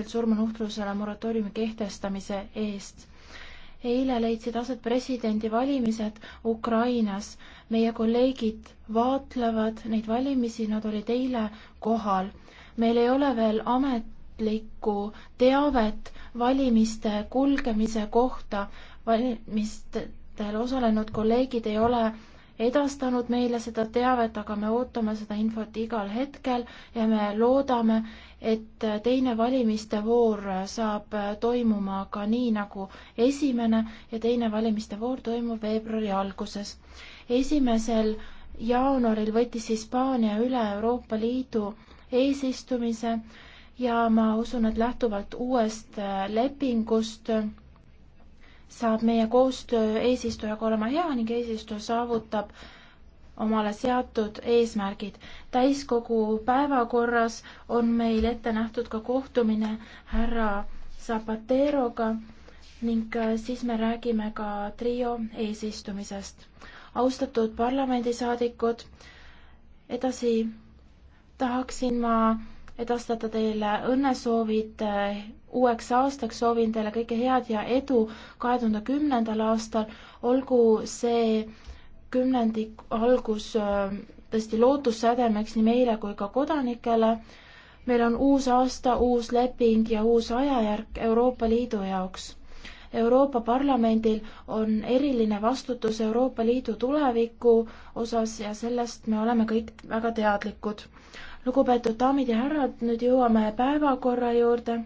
liikmetelt surmanuhtlusele moratooriumi kehtestamise eest. eile leidsid aset presidendivalimised Ukrainas. meie kolleegid vaatlevad neid valimisi, nad olid eile kohal. meil ei ole veel ametlikku teavet valimiste kulgemise kohta, valimistel osalenud kolleegid ei ole edastanud meile seda teavet, aga me ootame seda infot igal hetkel ja me loodame, et teine valimiste voor saab toimuma ka nii nagu esimene ja teine valimiste voor toimub veebruari alguses. esimesel jaanuaril võttis Hispaania üle Euroopa Liidu eesistumise ja ma usun, et lähtuvalt uuest lepingust saab meie koostöö eesistujaga olema hea ning eesistuja saavutab omale seatud eesmärgid. täiskogu päevakorras on meil ette nähtud ka kohtumine härra Zapateroga ning äh, siis me räägime ka trio eesistumisest. austatud parlamendisaadikud, edasi tahaksin ma edastada teile õnnesoovid eh, uueks aastaks, soovin teile kõike head ja edu kahe tuhande kümnendal aastal, olgu see kümnendik algus eh, tõesti lootussädemeks nii meile kui ka kodanikele. meil on uus aasta, uus leping ja uus ajajärk Euroopa Liidu jaoks Euroopa Parlamendil on eriline vastutus Euroopa Liidu tuleviku osas ja sellest me oleme kõik väga teadlikud. lugupeetud daamid ja härrad, nüüd jõuame päevakorra juurde.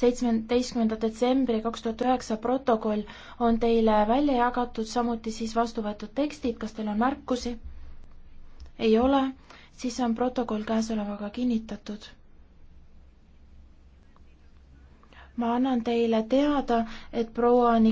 seitsmeteistkümnenda detsembri kaks tuhat üheksa protokoll on teile välja jagatud, samuti siis vastu võetud tekstid, kas teil on märkusi? ei ole, siis on protokoll käesolevaga kinnitatud ma annan teile teada, et proua Nik-.